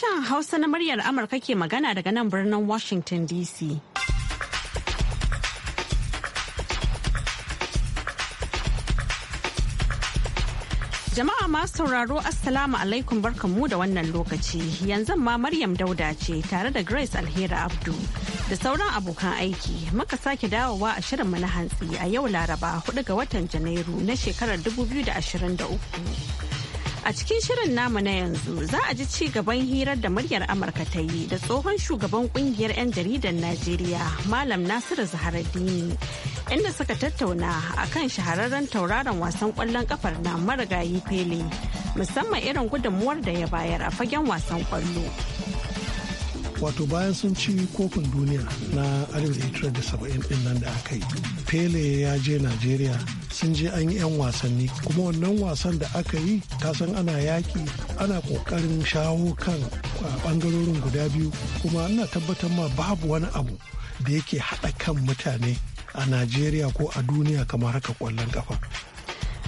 Sashen Hausa na muryar Amurka ke magana daga nan birnin Washington DC. Jama'a ma sauraro Assalamu alaikum barkanmu da wannan lokaci. Yanzu ma Maryam Dauda ce tare da Grace Alheri Abdu da sauran abokan aiki muka sake dawowa a shirin mu na hantsi a yau Laraba 4 ga watan Janairu na shekarar 2023. A cikin shirin namu na yanzu za a ji ci gaban hirar da muryar Amurka ta yi da tsohon shugaban kungiyar 'yan jaridar Najeriya Malam Nasiru Zaharaddini inda suka tattauna a kan shahararren tauraron wasan kwallon kafar na marigayi Pele musamman irin gudunmuwar da ya bayar a fagen wasan kwallo. wato bayan sun ci kofin duniya na 1970 din nan da aka yi pele ya je najeriya sun je an yi 'yan wasanni kuma wannan wasan da aka yi ta san ana yaki ana kokarin shawo kan bangarorin guda biyu kuma ana tabbatar ma babu wani abu da yake haɗa kan mutane a najeriya ko a duniya kamar haka kwallon kafa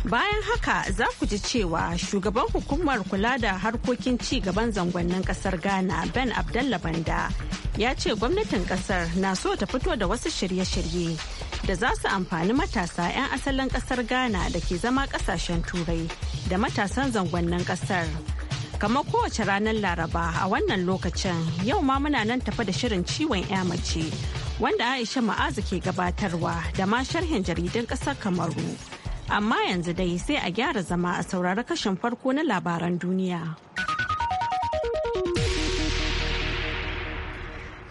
Bayan haka za ku ji cewa shugaban hukumar kula da harkokin ci gaban zangonnin kasar Ghana Ben Abdallah Banda ya ce gwamnatin kasar na so ta fito da wasu shirye-shirye da za su amfani matasa 'yan asalin kasar Ghana da ke zama kasashen turai da matasan zangonnin kasar. Kamar kowace ranar Laraba a wannan lokacin yau ma muna nan tafa da shirin ciwon 'ya mace wanda Aisha Ma'azu ke gabatarwa da ma sharhin jaridun kasar Kamaru. Amma yanzu dai sai a gyara zama a saurari kashin farko na labaran duniya.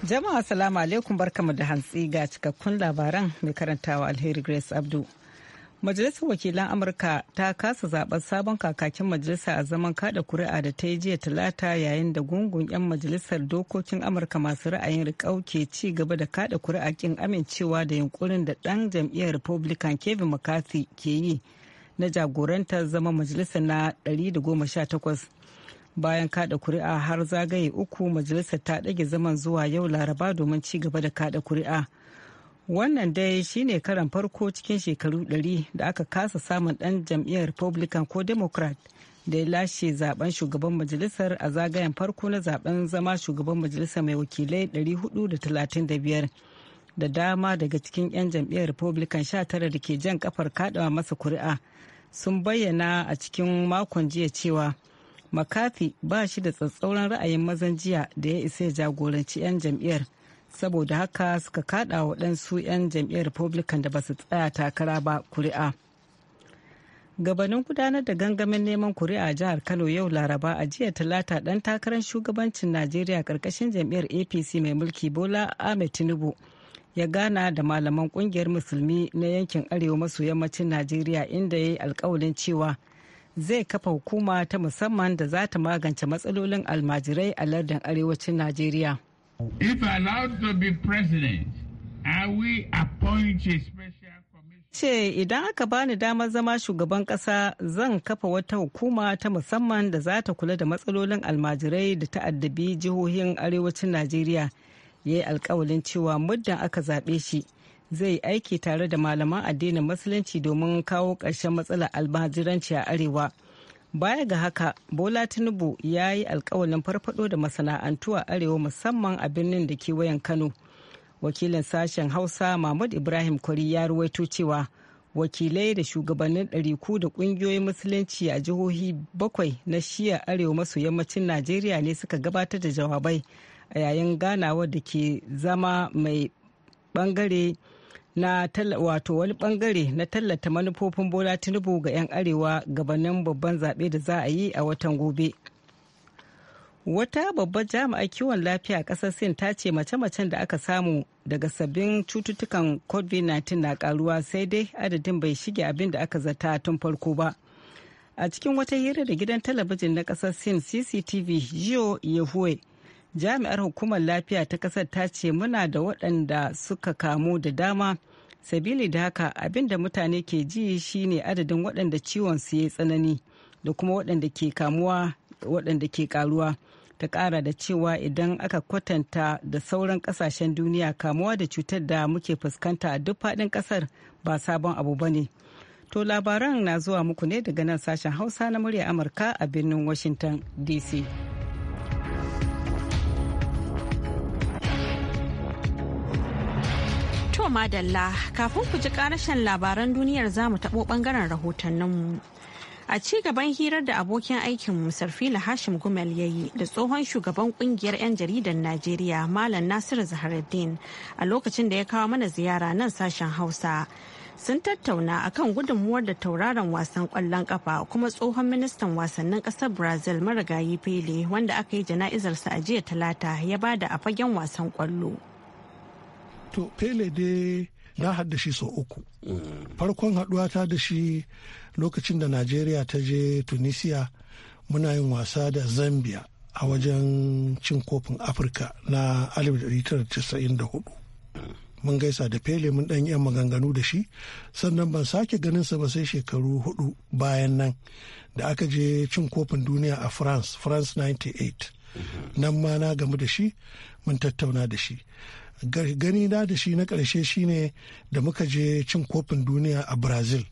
Jama'a salamu alaikum barkamu da hantsi ga cikakkun labaran mai karantawa alheri Grace Abdu. Majalisar Wakilan Amurka ta kasa zaɓar sabon kakakin majalisa a zaman kada kuri'a da ta yi jiya talata yayin da gungun 'yan majalisar dokokin Amurka masu ra'ayin riƙau ke ci gaba da kada kuri'a kin amincewa da yunkurin da ɗan jam'iyyar Republican Kevin McCarthy ke yi na jagorantar zama majalisa na 118. Bayan kada kuri'a har zagaye uku majalisar ta ɗage zaman zuwa yau Laraba domin ci gaba da kada kuri'a. wannan dai shine karan farko cikin shekaru 100 da aka kasa samun dan jam'iyyar republican ko democrat da ya lashe zaben shugaban majalisar a zagayen farko na zaben zama shugaban majalisar mai wakilai 435 da dama daga cikin 'yan jam'iyyar republican 19 da ke jan kafar kadawa masa kuri'a sun bayyana a cikin makon jiya cewa makafi ba shi da tsatsauran ra'ayin mazan jiya da ya isa jagoranci 'yan jam'iyyar. saboda haka suka kada waɗansu 'yan jam'iyyar republican da ba su tsaya takara ba kuri'a gabanin gudanar da gangamin neman kuri'a a jihar kano yau laraba a jiya talata ɗan takarar shugabancin najeriya karkashin jam'iyyar apc mai mulki bola ahmed tinubu ya gana da malaman ƙungiyar musulmi na yankin arewa maso yammacin najeriya inda ya yi alkawalin cewa zai kafa hukuma ta musamman da za ta magance matsalolin almajirai a lardin arewacin najeriya ce idan aka bani damar zama shugaban ƙasa, zan kafa wata hukuma ta musamman da za ta kula da matsalolin almajirai da ta'addabi jihohin arewacin najeriya ya yi alkawalin cewa muddin aka zaɓe shi zai aiki tare da malaman addinin musulunci domin kawo ƙarshen matsalar almajiranci a arewa. baya ga haka bola tinubu ya yi alkawalin farfado da masana'antu a arewa musamman a birnin da kewayen kano wakilin sashen hausa mahmud ibrahim kwari ya ruwaito cewa wakilai da shugabannin ɗariku da ƙungiyoyin musulunci a jihohi bakwai na shiya arewa maso yammacin najeriya ne suka gabatar da jawabai a yayin ganawa da ke zama mai bangare na wato wani bangare na tallata manufofin bola tinubu ga 'yan arewa gabanin babban zaɓe da za a yi a watan gobe wata babbar jami'ar kiwon lafiya a ƙasar sin ta ce mace-macen da aka samu daga sabbin cututtukan covid-19 na karuwa sai dai adadin bai shige abin da aka zata tun farko ba a cikin wata hira da gidan talabijin na ƙasar sin cctv jiyo yahue jami'ar hukumar lafiya ta kasar ta ce muna da waɗanda suka kamu da dama sabili da haka abinda mutane ke ji shine adadin waɗanda ciwon su ya tsanani da kuma waɗanda ke kamuwa waɗanda ke karuwa ta ƙara da cewa idan aka kwatanta da sauran ƙasashen duniya kamuwa da cutar da muke fuskanta a duk faɗin ƙasar ba sabon abu ba ne to labaran na zuwa muku ne daga nan sashen hausa na murya amurka a birnin washington dc To madalla kafin ku ji karashen labaran duniyar zamu mu taɓo ɓangaren rahotanninmu. A ci gaban hirar da abokin aikin Sarfila Hashim Gumel ya yi da tsohon shugaban kungiyar 'yan jaridar Najeriya Malam Nasiru Zaharuddin a lokacin da ya kawo mana ziyara nan sashen Hausa. Sun tattauna akan gudunmuwar da tauraron wasan kwallon kafa kuma tsohon ministan wasannin kasar Brazil marigayi Pele wanda aka yi jana'izarsa a jiya talata ya bada a fagen wasan kwallo. to pele dai na haddashi shi sau uku farkon haɗuwa ta da shi lokacin da najeriya ta je tunisia muna yin wasa da zambia a wajen cin kofin afirka na 1994 mun gaisa da pele mun ɗan yan maganganu da shi sannan ban sake ganin sa ba sai shekaru hudu bayan nan da aka je cin kofin duniya a france france 98 nan ma na gamu da shi mun tattauna da shi gani na da shi na ƙarshe shine da muka je cin kofin duniya a brazil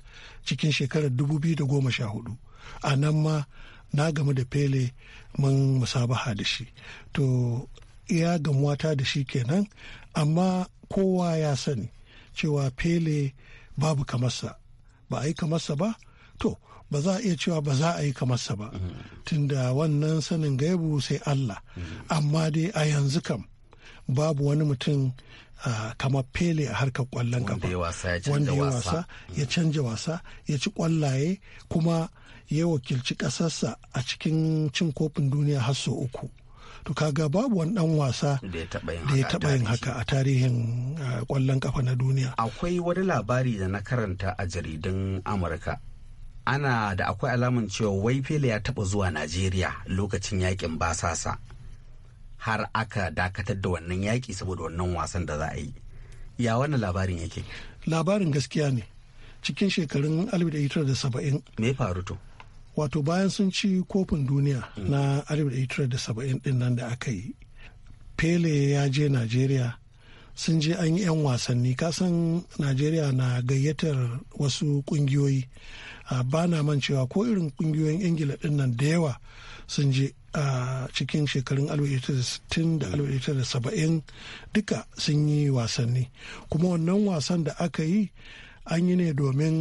cikin shekarar 2014 a nan ma na gamu da pele mun musabaha da shi to iya gamuwata da shi kenan amma kowa ya sani cewa pele babu kamarsa ba a yi kamarsa ba to ba za a iya cewa ba za a yi kamarsa ba mm-hmm. tunda wannan sanin gaibu sai allah mm-hmm. amma dai a yanzu kam babu wani mutum kamar pele a harkar kwallon kafa wanda ya wasa ya canja wasa ya ci kwallaye kuma ya wakilci kasarsa a cikin cin kofin duniya har sau uku to kaga babu wani dan wasa da ya taba yin haka a tarihin kwallon kafa na duniya akwai wani labari da na karanta a jaridun amurka ana da akwai alamun cewa wai pele ya taba zuwa najeriya lokacin yakin basasa har aka dakatar da wannan yaƙi saboda wannan wasan da za a yi ya wannan labarin yake labarin gaskiya ne cikin shekarun 1970 me faru to wato bayan sun ci kofin duniya mm. na 1970 din nan da aka yi pele ya je najeriya sun je an yi 'yan wasanni kasan najeriya na gayyatar wasu kungiyoyi ah, ba na man cewa ko irin kungiyoyin ingila din nan da yawa sun je a cikin shekarun 1960 da 1970 duka sun yi wasanni kuma wannan wasan da aka yi an yi ne domin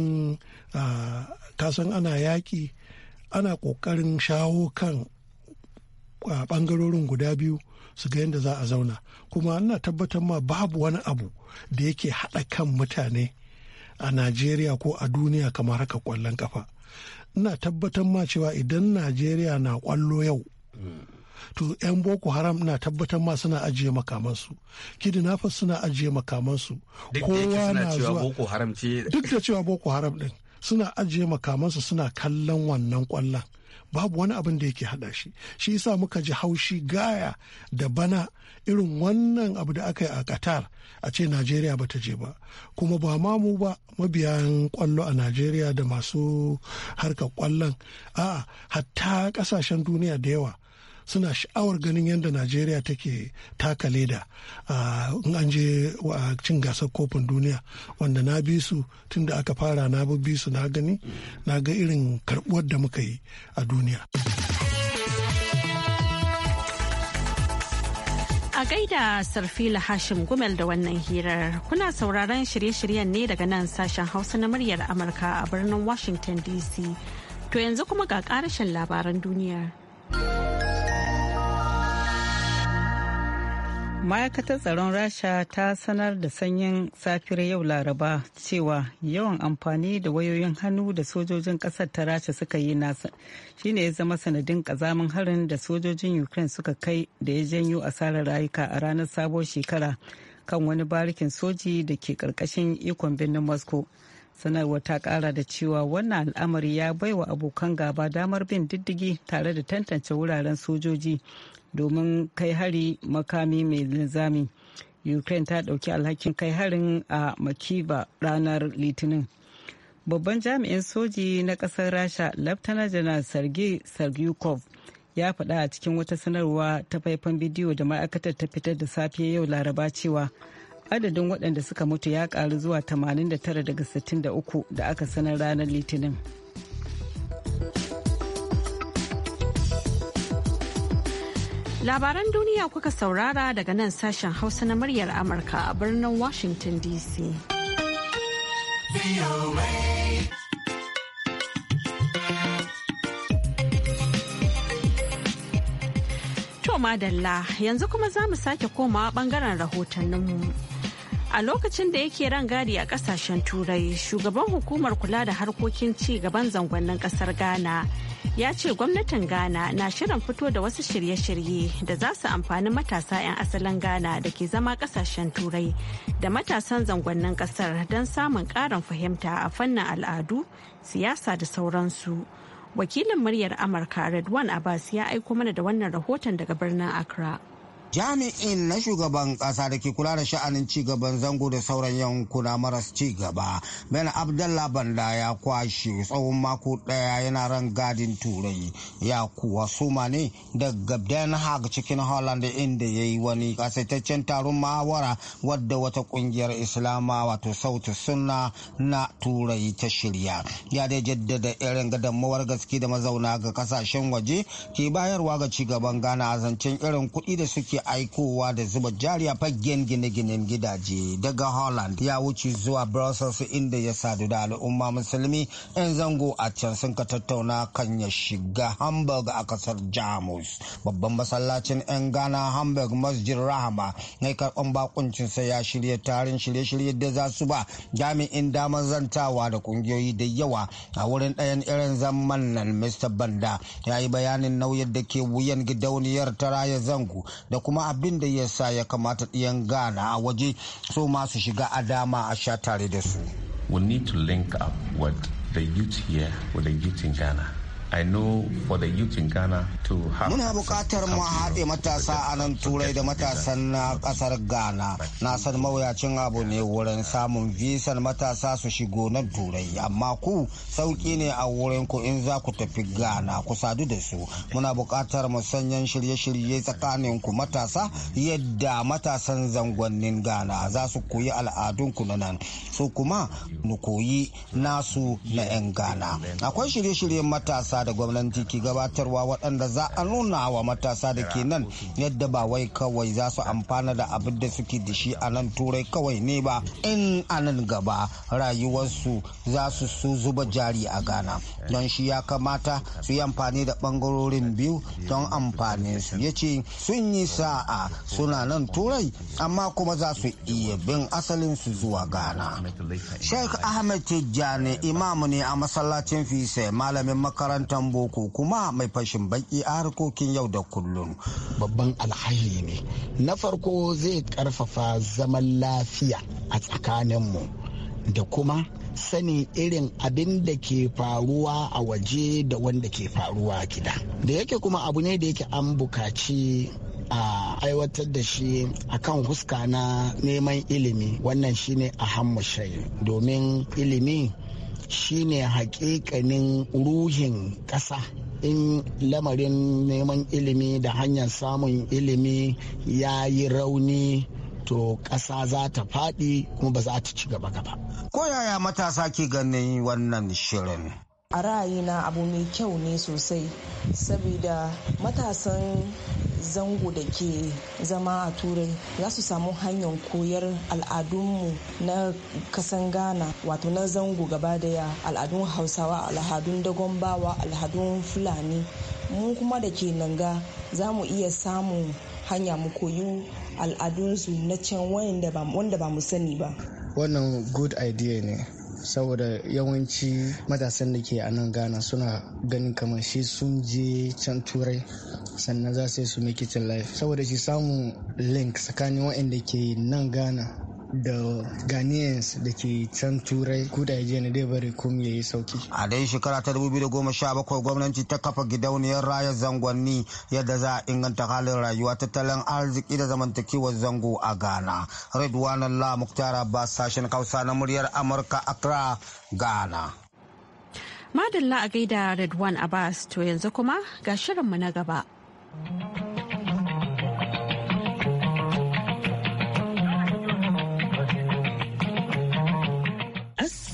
kasan ana yaƙi ana ƙoƙarin shawo kan ɓangarorin guda biyu su ga yadda za a zauna kuma ana tabbatar ma babu wani abu da yake haɗa kan mutane a najeriya ko a duniya kamar haka ƙwallon kafa ina tabbatar ma cewa idan najeriya na kwallo yau to 'yan boko haram na tabbatar ma suna ajiye makamansu kidnappers suna ajiye makamansu kowa na zuwa duk da cewa boko haram din suna ajiye makamansu suna kallon wannan kwallon babu wani abin da yake hada shi shi yasa muka ji haushi gaya da bana irin wannan abu da aka yi a qatar a ce najeriya ba ta je ba kuma ba ma mu ba mabiyan kwallo a najeriya da masu harkar kwallon a hatta kasashen duniya da yawa suna sha'awar ganin yadda najeriya take taka leda in an je cin gasar kofin duniya wanda na bi su tun da aka fara na bi su na gani na ga irin karbuwar da muka yi a duniya a gaida sarfila hashim gumel da wannan hirar kuna sauraron shirye-shiryen ne daga nan sashen hausa na muryar amurka a birnin washington dc to yanzu kuma ga karashin labaran duniya ma'aikatar tsaron rasha ta sanar da sanyin safiyar yau laraba cewa yawan amfani da wayoyin hannu da sojojin kasar ta rasha suka yi nasa shine ya zama sanadin kazamin harin da sojojin ukraine suka kai da ya janyo asarar rayuka a ranar sabuwar shekara kan wani barikin soji da ke karkashin ikon birnin moscow sanarwar ta kara da cewa wannan al'amari ya baiwa abokan gaba damar bin diddigi tare da tantance wuraren sojoji domin kai hari makami mai linzami ukraine ta dauki alhakin kai harin a makiba ranar litinin babban jami'in soji na kasar rasha laftana janar sergei sergeyukov ya faɗa a cikin wata sanarwa ta faifan bidiyo da ma'aikatar ta fitar da safe yau laraba cewa adadin waɗanda suka mutu ya ƙaru zuwa 89 daga 63 da aka sanar ranar litinin. Labaran duniya kuka saurara daga nan sashen Hausa na muryar Amurka a birnin Washington DC. To madalla yanzu kuma za mu sake komawa bangaren rahotanninmu. A lokacin da yake rangadi a kasashen turai, shugaban hukumar kula da harkokin ci gaban zangonnin kasar Ghana ya ce gwamnatin ghana na shirin fito da wasu shirye-shirye da za su amfani matasa 'yan asalin ghana da ke zama kasashen turai da matasan zangonnin kasar don samun karin fahimta a fannin al'adu siyasa da sauransu wakilin muryar amurka redwan abbas ya aiko mana da wannan rahoton daga birnin accra jami'in na shugaban kasa da ke kula da sha'anin cigaban zango da sauran yankuna maras cigaba ben abdallah banda ya kwashe tsawon mako daya yana ran gadin turai ya kuwa suma ne daga den haag cikin holland inda ya yi wani kasaitaccen taron mawara wadda wata kungiyar islama wato sauti sunna na turai ta shirya ya dai jaddada irin gadammawar gaske da mazauna ga kasashen waje ke bayarwa ga cigaban gana a zancen irin kuɗi da suke aikowa da zuba jari a fagen gine-ginen gidaje daga Holland ya wuce zuwa Brussels inda ya sadu da al'umma musulmi 'yan zango a can sun ka tattauna kan ya shiga Hamburg a kasar Jamus. Babban masallacin 'yan Ghana Hamburg Masjid Rahama na karɓan bakuncinsa ya shirya tarin shirye-shirye da za su ba jami'in damar zantawa da ƙungiyoyi da yawa a wurin ɗayan irin zaman nan Mr. Banda ya yi bayanin nauyin da ke wuyan gidauniyar ta raya zango da kuma abin da ya sa ya kamata ɗiyan Ghana a waje so ma su shiga a dama a sha tare da su. We need to link up with the youth here with the youth in Ghana. I know for the youth in Ghana to have Muna buƙatar mu haɗe matasa a nan turai da matasan na ƙasar Ghana. Na san mawuyacin abu ne wurin samun visan matasa su shigo nan turai amma ku sauƙi ne a wurin ku in za ku tafi Ghana ku sadu da su. Muna buƙatar mu sanyan shirye-shirye tsakanin ku matasa yadda matasan zangonnin Ghana za su koyi al'adun ku na nan. su kuma mu koyi nasu na 'yan Ghana. Akwai shirye-shiryen matasa da gwamnati ke gabatarwa waɗanda za a nuna wa matasa da ke nan yadda ba wai kawai za su amfana da abin da suke da shi a nan turai kawai ne ba in a nan gaba rayuwarsu za su su zuba jari a ghana don shi ya kamata su yi amfani da ɓangarorin biyu don amfanin su ya ce sun yi sa'a suna nan turai amma kuma za su iya bin asalin su zuwa ghana sheikh ahmed tijjani imamu ne a masallacin fise malamin makaranta makarantar boko kuma mai fashin baki a harkokin yau da kullum babban alhaji ne na farko zai karfafa zaman lafiya a tsakaninmu da kuma sani irin abin da ke faruwa a waje da wanda ke faruwa gida da yake kuma abu ne da yake an bukaci a aiwatar da shi a kan huska na neman ilimi wannan shine a hammu domin ilimi shine hakikanin ruhin ƙasa in lamarin neman ilimi da hanyar samun ilimi ya yi rauni to ƙasa za ta faɗi kuma ba za ta ci gaba gaba. Ko yaya matasa ke ganin wannan shirin? A ra'ayina abu mai kyau ne sosai, saboda matasan zango da ke zama a turai za su samu hanyar koyar al'adunmu na kasan ghana wato na zango gaba daya al'adun hausawa al'adun dagon bawa al'adun fulani mu kuma da ke nan ga za mu iya samun hanya mu koyi al'adunsu na can wanda ba mu sani ba wannan good idea ne saboda yawanci matasan da ke a nan ghana suna ganin kamar shi sun je can turai sannan za su yi su make it life saboda shi samun link tsakanin waɗanda ke nan ghana da ghanaians da ke can turai kudaje na dai bari kum ya yi sauki a dai shekara ta bakwai gwamnati ta kafa gidauniyar rayar zangonni yadda za a inganta halin rayuwa tattalin arziki da zamantakewar zango a ghana redwan la muktar abbas sashen kausa na muryar amurka accra ghana madalla a gaida redwan abbas to yanzu kuma ga shirinmu na gaba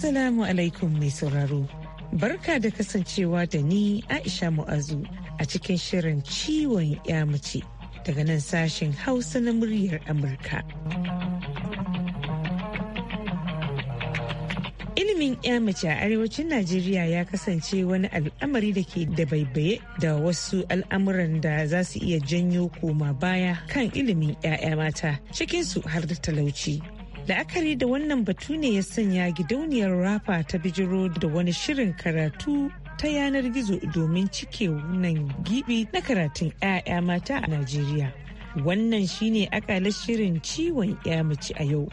Assalamu alaikum mai sauraro. Barka da kasancewa da ni Aisha Mu'azu a cikin shirin ciwon ya mace daga nan sashen Hausa na muryar Amurka. Ilimin ya mace a arewacin Najeriya ya kasance wani al'amari da ke da baibaye da wasu al'amuran da za su iya janyo koma baya kan ilimin 'ya'ya mata cikinsu har da talauci. la'akari da wannan batu ne ya sanya gidauniyar rafa ta bijiro da wani shirin karatu ta yanar gizo domin cike wannan gibi na karatun 'ya'ya mata a najeriya wannan shine akalar shirin ciwon 'ya mace a yau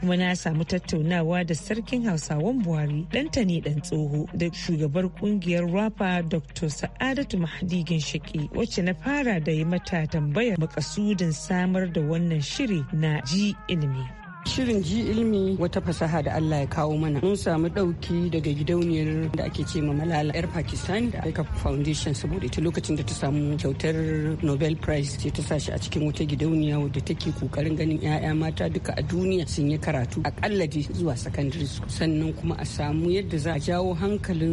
kuma na samu tattaunawa da sarkin hausawan buhari ɗanta ne ɗan tsoho da shugabar kungiyar rafa dr sa'adatu mahadi ginshiki wacce na fara da yi mata tambayar makasudin samar da wannan shiri na ji ilimi Shirin ji ilimi wata fasaha da Allah ya kawo mana. Mun samu ɗauki daga gidauniyar da ake ce ma Malala yar Pakistan da Aika Foundation saboda ita lokacin da ta samu kyautar Nobel Prize ce ta sashi a cikin wata gidauniya wadda take kokarin ganin 'ya'ya mata duka a duniya sun yi karatu akalla dai zuwa secondary school sannan kuma a samu yadda za a jawo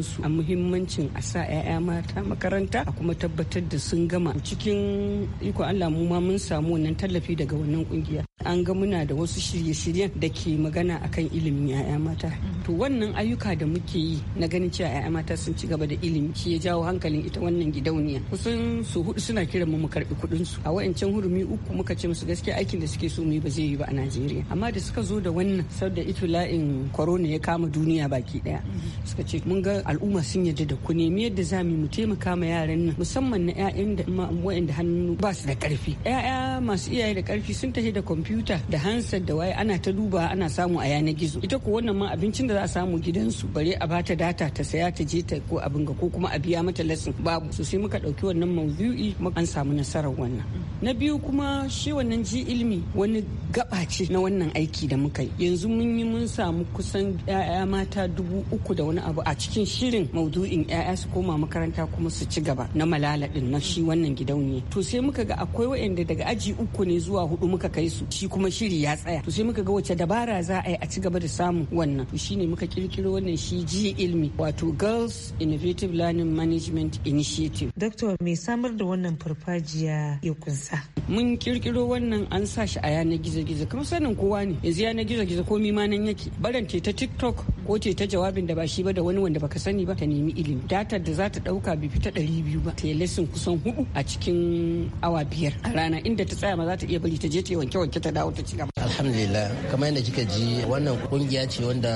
su a muhimmancin a sa 'ya'ya mata makaranta a kuma tabbatar da sun gama cikin iko Allah mu ma mun samu wannan tallafi daga wannan kungiya an ga muna da wasu shirye shirye-shiryen da ke magana a akan ilimin 'ya'ya mata mhm. to wannan ayyuka da muke yi na ganin cewa 'ya'ya mata sun ci gaba da ilimi shi ya jawo hankalin ita wannan gidauniya kusan su hudu suna kiran mu mu karbi kudin su a wayancan hurumi uku muka ce musu gaskiya aikin da suke so mu yi ba zai yi ba a Najeriya amma da suka zo da wannan saboda la'in corona ya kama duniya baki daya mhm. suka ce mun ga al'umma sun yarda da ku nemi yadda za mu taimaka ma yaran nan musamman na 'ya'yan da hannu ba su da karfi 'ya'ya masu iyaye da karfi sun tafi da kwamfuta da hansar da waya ana ta duba ana samu a yanar gizo ita ko wannan ma abincin da za a samu gidansu bare a bata data ta saya ta je ta ko abin ga ko kuma a biya mata lesson babu so sai muka dauki wannan i an samu nasarar wannan na biyu kuma shi wannan ji ilimi wani gaba ce na wannan aiki da muka yi yanzu mun yi mun samu kusan 'ya'ya mata dubu uku da wani abu a cikin shirin maudu'in 'ya'ya su koma makaranta kuma su ci gaba na malala din na shi wannan gidauniya to sai muka ga akwai waɗanda daga aji uku ne zuwa hudu muka kai su shi kuma shiri ya tsaya to sai muka muka ga wace dabara za a yi a ci gaba da samun wannan to shine muka kirkiro wannan shi ji ilmi wato girls innovative learning management initiative doctor mai samar da wannan farfajiya ya kunsa mun kirkiro wannan an sa shi a yanar gizo-gizo kuma sanin kowa ne yanzu yanar gizo-gizo ko ma nan yake baran te ta tiktok ko te ta jawabin da ba shi ba da wani wanda baka sani ba ta nemi ilimi Data da za ta dauka bi fita ɗari biyu ba ta yi lesson kusan hudu a cikin awa biyar a rana inda ta tsaya ma za ta iya bari ta je ta yi wanke wanke ta dawo ta ci gaba alhamdulillah kamar yadda kika ji wannan kungiya ce wanda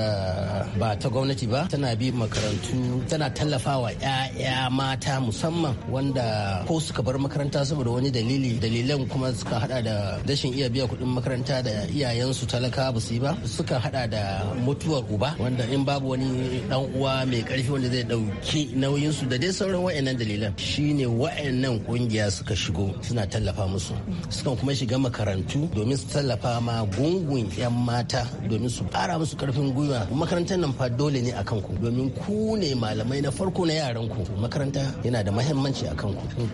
ba ta gwamnati ba tana bi makarantu tana tallafawa 'ya'ya mata musamman wanda ko suka bar makaranta saboda wani dalili dalilan kuma suka hada da rashin iya biya kuɗin makaranta da iyayensu talaka ba su yi ba suka hada da mutuwar uba wanda in babu wani dan uwa mai karfi wanda zai dauki nauyin su da dai sauran wayannan dalilan shine wayannan kungiya suka shigo suna tallafa musu sukan kuma shiga makarantu domin su tallafa ma gungun 'yan mata domin su fara musu karfin gwiwa makarantar nan fa dole ne a ku. domin ku ne malamai na farko na yaran ku makaranta yana da mahimmanci a ku.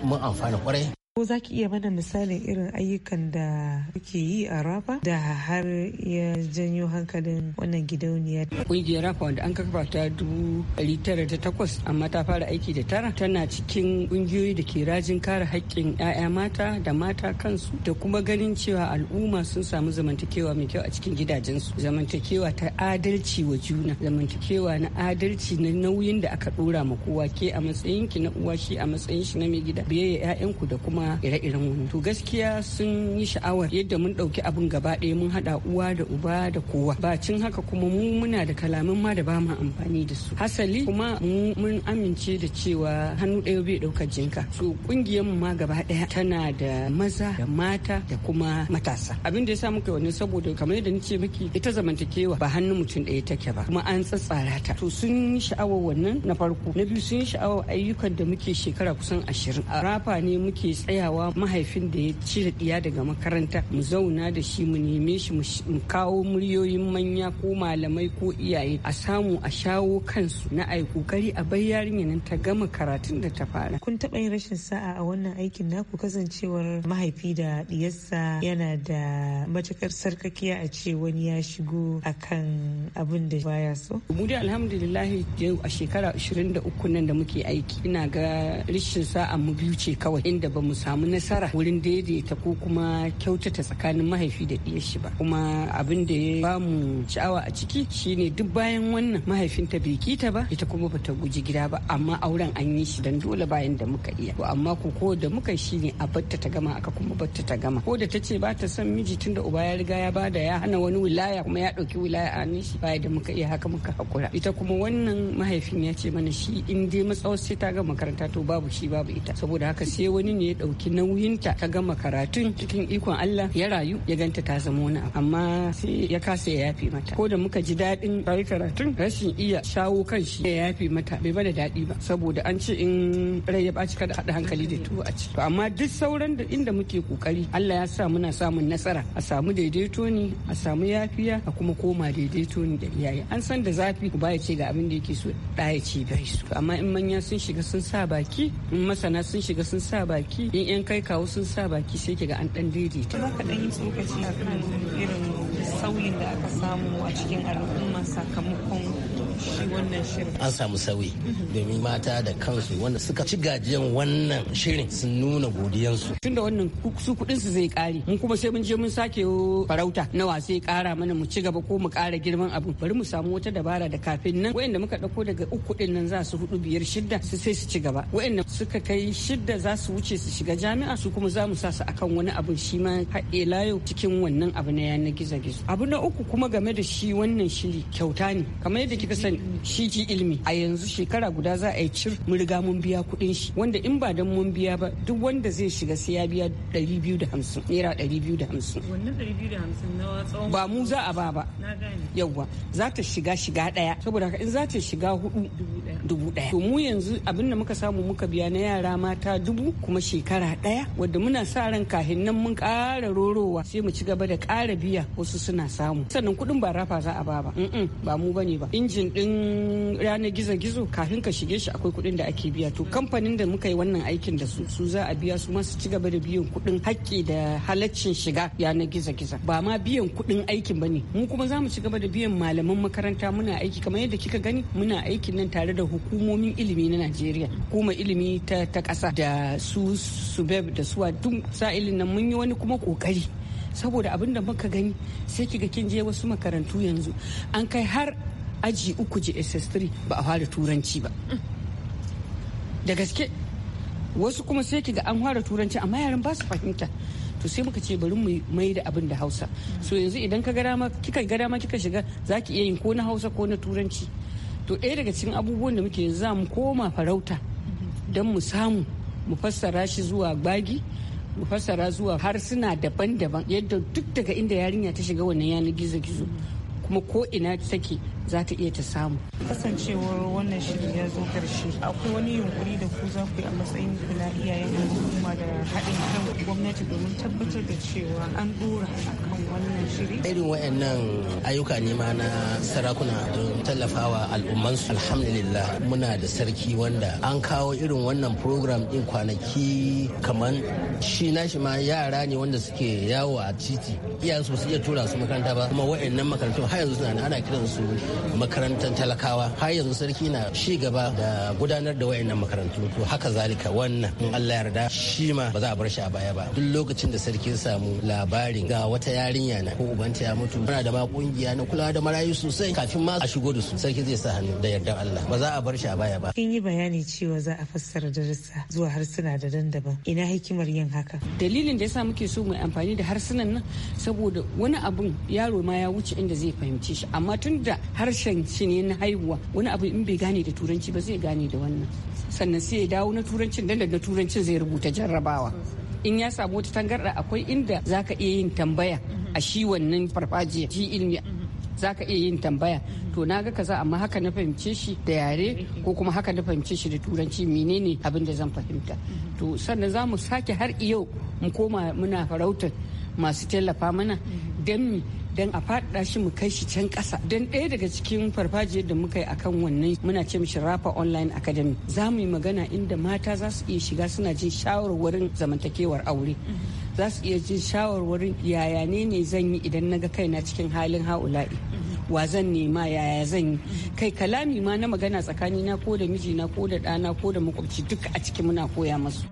mun amfana kwarai Ko za ki iya mana misalin irin ayyukan da kuke yi a Rafa da har ya janyo hankalin wannan gidauniya? Ƙungiyar Rafa wanda an kafa ta dubu ɗari tara da takwas amma ta fara aiki da tara tana cikin ƙungiyoyi da ke rajin kare haƙƙin 'ya'ya mata da mata kansu da kuma ganin cewa al'umma sun samu zamantakewa mai kyau a cikin gidajensu. Zamantakewa ta adalci wa juna, zamantakewa na adalci na nauyin da aka ɗora ma kowa ke a matsayinki na uwa shi a matsayin shi na mai gida biyayya 'ya'yanku da kuma kuma ire-iren wani to gaskiya sun yi sha'awar yadda mun ɗauki abin gaba ɗaya mun haɗa uwa da uba da kowa ba cin haka kuma mu muna da kalaman ma da ba mu amfani da su hasali kuma mu mun amince da cewa hannu ɗaya bai ɗaukar jinka so ƙungiyar mu ma gaba ɗaya tana da maza da mata da kuma matasa abin da ya sa muka wani saboda kamar yadda nace miki ita zamantakewa ba hannun mutum ɗaya take ba kuma an tsatsara ta to sun yi sha'awar wannan na farko na biyu sun yi sha'awar ayyukan da muke shekara kusan ashirin a rafa ne muke tsaye tsayawa mahaifin da ya cire diya daga makaranta mu zauna da shi mu neme shi mu kawo muryoyin manya ko malamai ko iyaye a samu a shawo kansu na ai kokari a bar yarinya nan ta gama karatun da ta fara kun taba yin rashin sa'a a wannan aikin naku kasancewar mahaifi da diyarsa yana da matukar sarkakiya a ce wani ya shigo akan abin da baya so mu da alhamdulillah yau a shekara 23 nan da muke aiki ina ga rashin sa'a mu biyu ce kawai inda ba mu samu nasara wurin daidaita ko kuma kyautata tsakanin mahaifi da ɗiyar shi ba kuma abin da ya bamu sha'awa a ciki shine duk bayan wannan mahaifinta bai kita ba ita kuma bata guji gida ba amma auren an yi shi dan dole bayan da muka iya to amma ko ko da muka shine a batta ta gama aka kuma batta ta gama ko da ta ce ba ta son miji tunda uba ya riga ya bada ya hana wani wilaya kuma ya ɗauki wilaya a hannun shi baya da muka iya haka muka hakura ita kuma wannan mahaifin ya ce mana shi in dai matsawar sai ta ga makaranta to babu shi babu ita saboda haka sai wani ne ya ɗauki nauyinta ta gama karatun cikin ikon Allah ya rayu ya ganta ta zama wani amma sai ya kasa ya yafe mata ko da muka ji daɗin rayu karatun rashin iya shawo kan shi ya yafe mata bai bada daɗi ba saboda an ce in rai ya ɓaci kada haɗa hankali da tuwo a ci to amma duk sauran da inda muke kokari Allah ya sa muna samun nasara a samu daidaito ne a samu yafiya a kuma koma daidaito ne da iyaye an san da zafi ba ya ce ga abin da yake so ɗaya ce bai so amma in manya sun shiga sun sa baki in masana sun shiga sun sa baki yan kai kawo sun sa baki sai kiga an dan daidaita za ka dan yi a akan irin sauyin da aka samu a cikin al'umma sakamakon an samu sauyi domin mata da kansu wanda suka ci gajiyan wannan shirin sun nuna godiyansu da wannan su kudin su zai kare mun kuma sai mun je mun sake farauta nawa sai kara mana mu ci gaba ko mu kara girman abu bari mu samu wata dabara da kafin nan wayanda muka dauko daga uku din nan za su hudu biyar shidda su sai su ci gaba wayanda suka kai shidda za su wuce su shiga jami'a su kuma za mu sa su akan wani abu shi ma haɗe layo cikin wannan abu na yanar gizo-gizo abu na uku kuma game da shi wannan shiri kyauta ne kamar yadda kika sani wannan shi ji ilimi a yanzu shekara guda za a yi cir mun riga mun biya kuɗin shi wanda in ba dan mun biya ba duk wanda zai shiga sai ya biya ɗari biyu da hamsin naira ɗari biyu da hamsin. wannan ɗari biyu da hamsin na tsawon ba mu za a ba ba na gane. yawwa za ta shiga shiga ɗaya saboda haka in za ta shiga hudu dubu ɗaya to mu yanzu abin da muka samu muka biya na yara mata dubu kuma shekara daya wadda muna sa ran kahin nan mun ƙara rorowa sai mu ci gaba da ƙara biya wasu suna samu sannan kuɗin ba rafa za a ba ba ba mu bane ba injin din ranar gizo-gizo kafin ka shige shi akwai kuɗin da ake biya to kamfanin da muka yi wannan aikin da su su za a biya su masu ci gaba da biyan kuɗin haƙƙi da halaccin shiga yanar gizo-gizo ba ma biyan kuɗin aikin ba ne mu kuma za mu ci gaba da biyan malaman makaranta muna aiki kamar yadda kika gani muna aikin nan tare da hukumomin ilimi na najeriya hukumar ilimi ta ƙasa da su subeb da suwa tun sa'ilin nan mun yi wani kuma ƙoƙari saboda abin da muka gani sai kiga kin je wasu makarantu yanzu an kai har aji uku ss 3 ba a fara turanci ba da gaske wasu kuma sai kiga an fara turanci amma yaran ba su fahimta to sai muka ce bari mu mai da abin da hausa so yanzu idan ka ga dama kika ga dama kika shiga zaki iya yin ko na hausa ko na turanci to ɗaya daga cikin abubuwan da muke za mu koma farauta don mu samu mu fassara shi zuwa gbagi mu fassara zuwa harsuna daban-daban yadda duk daga inda yarinya ta shiga wannan yanar gizo-gizo kuma ko ina take za ta iya ta samu. Kasancewar wannan shiri ya zo karshe akwai wani yunkuri da ku za ku yi a matsayin kula iyayen al'umma da haɗin kan gwamnati domin tabbatar da cewa an ɗora akan wannan shiri. Irin wayannan ayyuka ne ma na sarakuna don tallafawa al'ummansu alhamdulillah muna da sarki wanda an kawo irin wannan program ɗin kwanaki kamar shi nashi ma yara ne wanda suke yawo a titi iyayensu su iya tura su makaranta ba kuma wayannan makarantun har yanzu suna ana kiran su. makarantar talakawa har yanzu sarki na shi gaba da gudanar da wayannan makarantu to haka zalika wannan in Allah yarda shi ma ba za a bar shi a baya ba duk lokacin da sarki ya samu labarin ga wata yarinya na ko ubanta ya mutu muna da ma kungiya na kulawa da marayu sosai kafin ma a shigo da su sarki zai sa hannu da yardar Allah ba za a bar shi a baya ba kin yi bayani cewa za a fassara darussa zuwa harsuna da daban ina hikimar yin haka dalilin da yasa muke so mu amfani da harsunan nan saboda wani abun yaro ma ya wuce inda zai fahimci shi amma tun da harshen shi ne na haihuwa wani abu in bai gane da turanci ba zai gane da wannan sannan sai ya dawo na turancin dan da turancin zai rubuta jarrabawa in ya samu wata tangarda akwai inda zaka iya yin tambaya a shi wannan farfajiya shi ilmi za iya yin tambaya to na ga kaza amma haka na fahimce shi da yare ko kuma haka na fahimce shi da turanci menene abin da zan fahimta to sannan za mu sake har yau mu koma muna farautar masu tallafa mana don don a faɗa shi mu kai shi can ƙasa don ɗaya daga cikin farfajiyar da muka yi akan wannan muna ce mishi rafa online academy za mu yi magana inda mata za su iya shiga suna jin shawarwarin zamantakewar aure za su iya jin shawarwarin yaya ne ne zan yi idan na ga kaina cikin halin ha'ula'i wa zan nema yaya zan yi kai kalami ma na magana tsakanina ko da mijina ko da ɗana ko da makwabci duka a cikin muna koya masu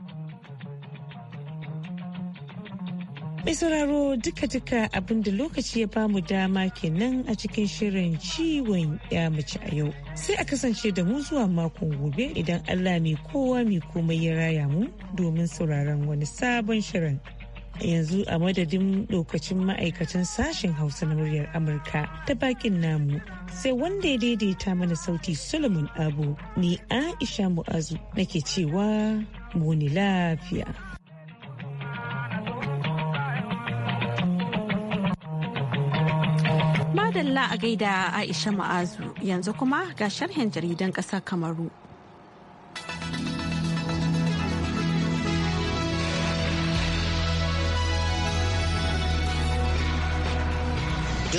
Mai sauraro duka-duka abinda lokaci ya bamu dama kenan a cikin shirin ciwon ya mace a yau. Sai a kasance da mu zuwa makon gobe idan Allah mai kowa mai komai ya raya mu domin sauraron wani sabon shirin. Yanzu a madadin lokacin ma'aikacin sashen Hausa na muryar Amurka ta bakin namu sai wanda ya daidaita mana sauti Solomon Abu ne Aisha Mu'azu nake cewa muni lafiya. Madalla a gaida Aisha Ma'azu yanzu kuma ga sharhin jaridan ƙasar Kamaru.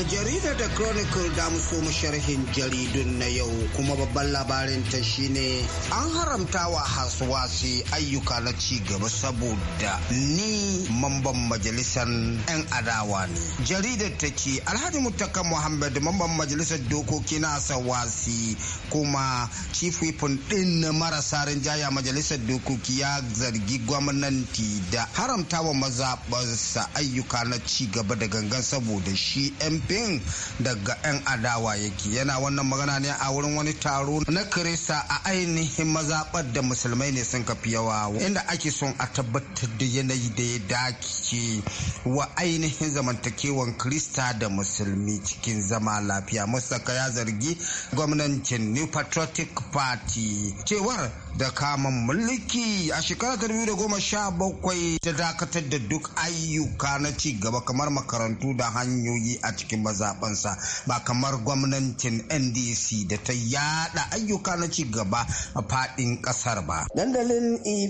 Da jaridar da Chronicle da muso sharhin jaridun na yau kuma babban labarin ta shine an haramta wa haswasi ayyuka na ci gaba saboda ni mamban majalisar 'yan adawa ne. Jaridar ta ce Alhaji Mutaka Muhammad mamban majalisar dokoki na sawasi kuma chief weapon din na marasa rinjaya majalisar dokoki ya zargi gwamnati da haramta wa mazaɓarsa ayyuka na ci gaba da gangan saboda shi MP laifin daga 'yan adawa yake yana wannan magana ne a wurin wani taro na kirista a ainihin mazaɓar da musulmai ne sun kafi yawa inda ake son a tabbatar da yanayi da ya dace wa ainihin zamantakewan kirista da musulmi cikin zama lafiya musaka ya zargi gwamnatin new patriotic party cewar da kamun mulki a shekarar ta biyu da goma sha bakwai ta dakatar da duk ayyuka na ci gaba kamar makarantu da hanyoyi a cikin mazaɓansa ba kamar gwamnatin ndc da ta yada ayyuka na ci gaba a faɗin ƙasar ba dandalin e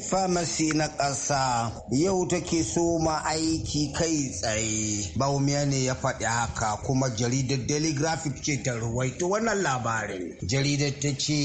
na ƙasa yau take so ma aiki kai tsaye baumiya ne ya faɗi haka kuma jaridar daily graphic ce ta ruwaito wannan labarin jaridar ta ce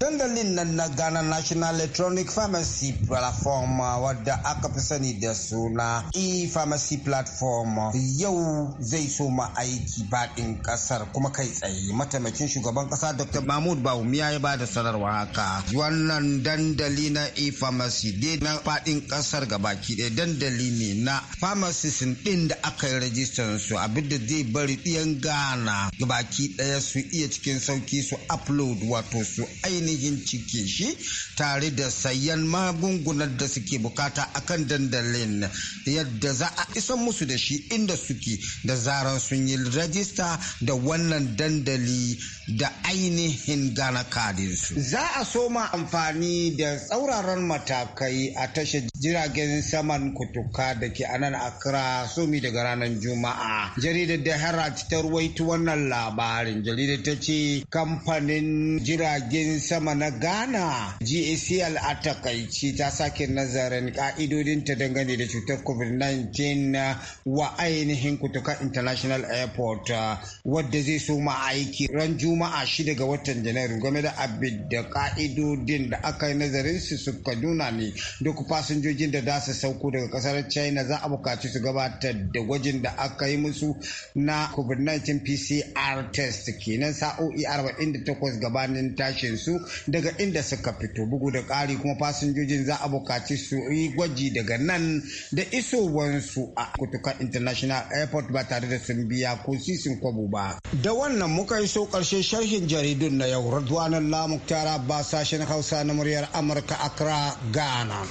dandalin nan na gana International Electronic Pharmacy Platform wadda aka fi sani da suna e-pharmacy platform yau zai so ma aiki baɗin ƙasar kuma kai tsaye mataimakin shugaban ƙasa Dr. Mahmud Bawumiya ya ba da sanarwa haka. Wannan dandali na e-pharmacy dai na faɗin ƙasar gabaki ɗaya dandali ne na pharmacies ɗin da aka yi rajistan su abinda zai bari ɗiyan Ghana gabaki ɗaya su iya cikin sauki su upload wato su ainihin cike shi tare da sayan magungunan da suke bukata a kan dandalin yadda za a isa musu da shi inda suke da zaran sun yi rajista da wannan dandali da ainihin gana kadinsu. Za a soma amfani da tsauraran matakai a tashar jiragen saman kutuka da ke anan kira somi daga ranar Juma'a. Jaridar da Herald ta ruwaitu wannan labarin. Jaridar ta ce kamfanin jiragen sama na Ghana GACL a takaici ta sake nazarin ka'idodinta dangane da cutar COVID-19 wa ainihin kutuka International Airport uh, wadda zai so ma aiki ran Juma'a shida ga watan Janairu game da abin da ka'idodin da aka yi nazarin su suka nuna ne duk fasinjojin da za su sauko daga kasar China za a bukaci su gabatar da gwajin da aka yi musu na COVID-19 PCR test kenan sa'o'i 48 gabanin tashin su daga inda suka fito. to bugu da ƙari kuma fasinjojin za a bukaci su yi gwaji daga nan da isowansu a kutuka international airport ba tare da sun biya ko sisin kwabo ba da wannan muka iso ƙarshen sharhin jaridun na yau radwanan lamuk tara ba sashen hausa na muryar amurka accra ghana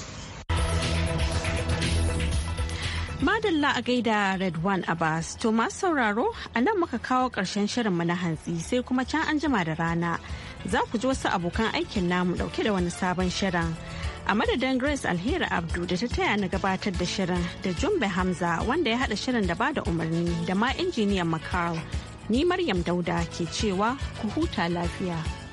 Madalla a gaida Red One Abbas to masu sauraro a nan muka kawo ƙarshen shirinmu na hantsi sai kuma can an jima da rana za ku ji wasu abokan aikin namu dauke da wani sabon shirin. A madadin Grace Alheri Abdu da ta taya na gabatar da shirin da Jumbe Hamza wanda ya haɗa shirin da ba da umarni da ma injiniyan Makaru. Ni Maryam Dauda ke cewa ku huta lafiya.